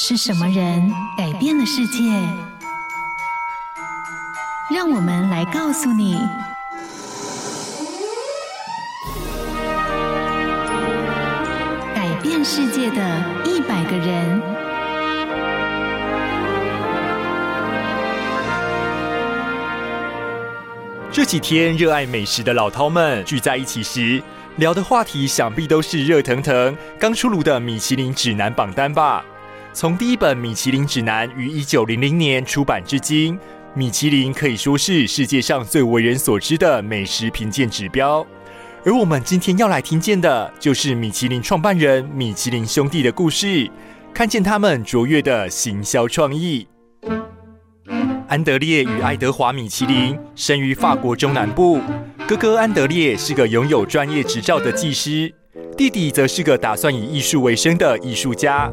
是什麼人改變了世界？讓我們來告訴你：改變世界的一百個人。這幾天，熱愛美食的老饕們聚在一起時，聊的話題想必都是熱騰騰、剛出爐的米其林指南榜單吧。從第一本《米其林指南》於一九零零年出版至今，米其林可以說是世界上最為人所知的美食評鑑指標。而我們今天要來聽見的就是米其林創辦人米其林兄弟的故事，看見他們卓越的行銷創意。安德烈與愛德華米其林生於法國中南部，哥哥安德烈是個擁有專業執照的技師，弟弟則是個打算以藝術為生的藝術家。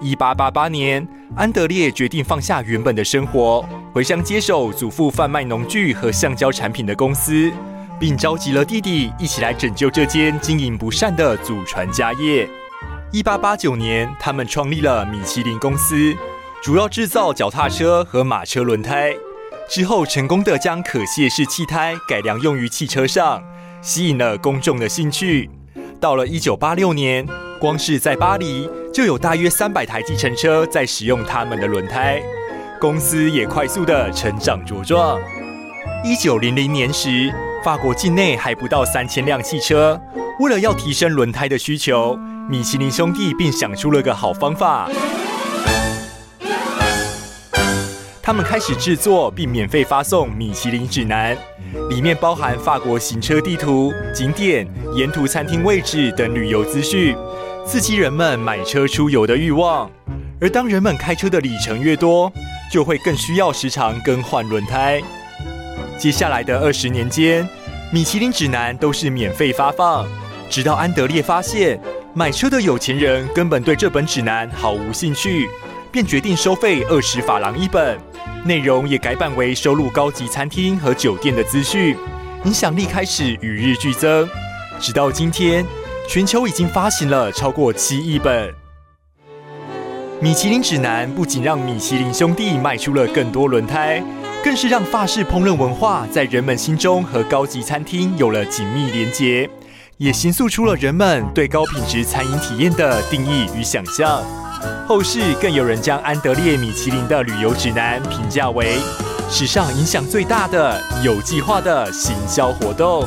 一八八八年，安德烈決定放下原本的生活，回鄉接手祖父販賣農具和橡膠產品的公司，並召集了弟弟一起來拯救這間經營不善的祖傳家業。一八八九年，他們創立了米其林公司，主要製造腳踏車和馬車輪胎。之後，成功的將可卸式氣胎改良用於汽車上，吸引了公眾的興趣。到了一九八六年。光是在巴黎，就有大約三百台計程車在使用他們的輪胎。公司也快速的成長茁壯。一九零零年時，法國境內還不到三千輛汽車。為了要提升輪胎的需求，米其林兄弟便想出了個好方法。他們開始制作並免費發送《米其林指南》，裡面包含法國行車地圖、景點、沿途餐廳位置等旅遊資訊。刺激人們買車出遊的慾望，而當人們開車的里程越多，就會更需要時常更換輪胎。接下來的二十年間，米其林指南都是免費發放，直到安德烈發現買車的有錢人根本對這本指南毫無興趣，便決定收費二十法郎一本，內容也改版為收錄高級餐廳和酒店的資訊，影響力開始與日俱增，直到今天。全球已經發行了超過七億本《米其林指南》，不僅讓米其林兄弟賣出了更多輪胎，更是讓法式烹飪文化在人們心中和高級餐廳有了緊密連結，也形塑出了人們對高品質餐飲體驗的定義與想象。後世更有人將安德烈·米其林的旅遊指南評價為史上影響最大的有計劃的行銷活動。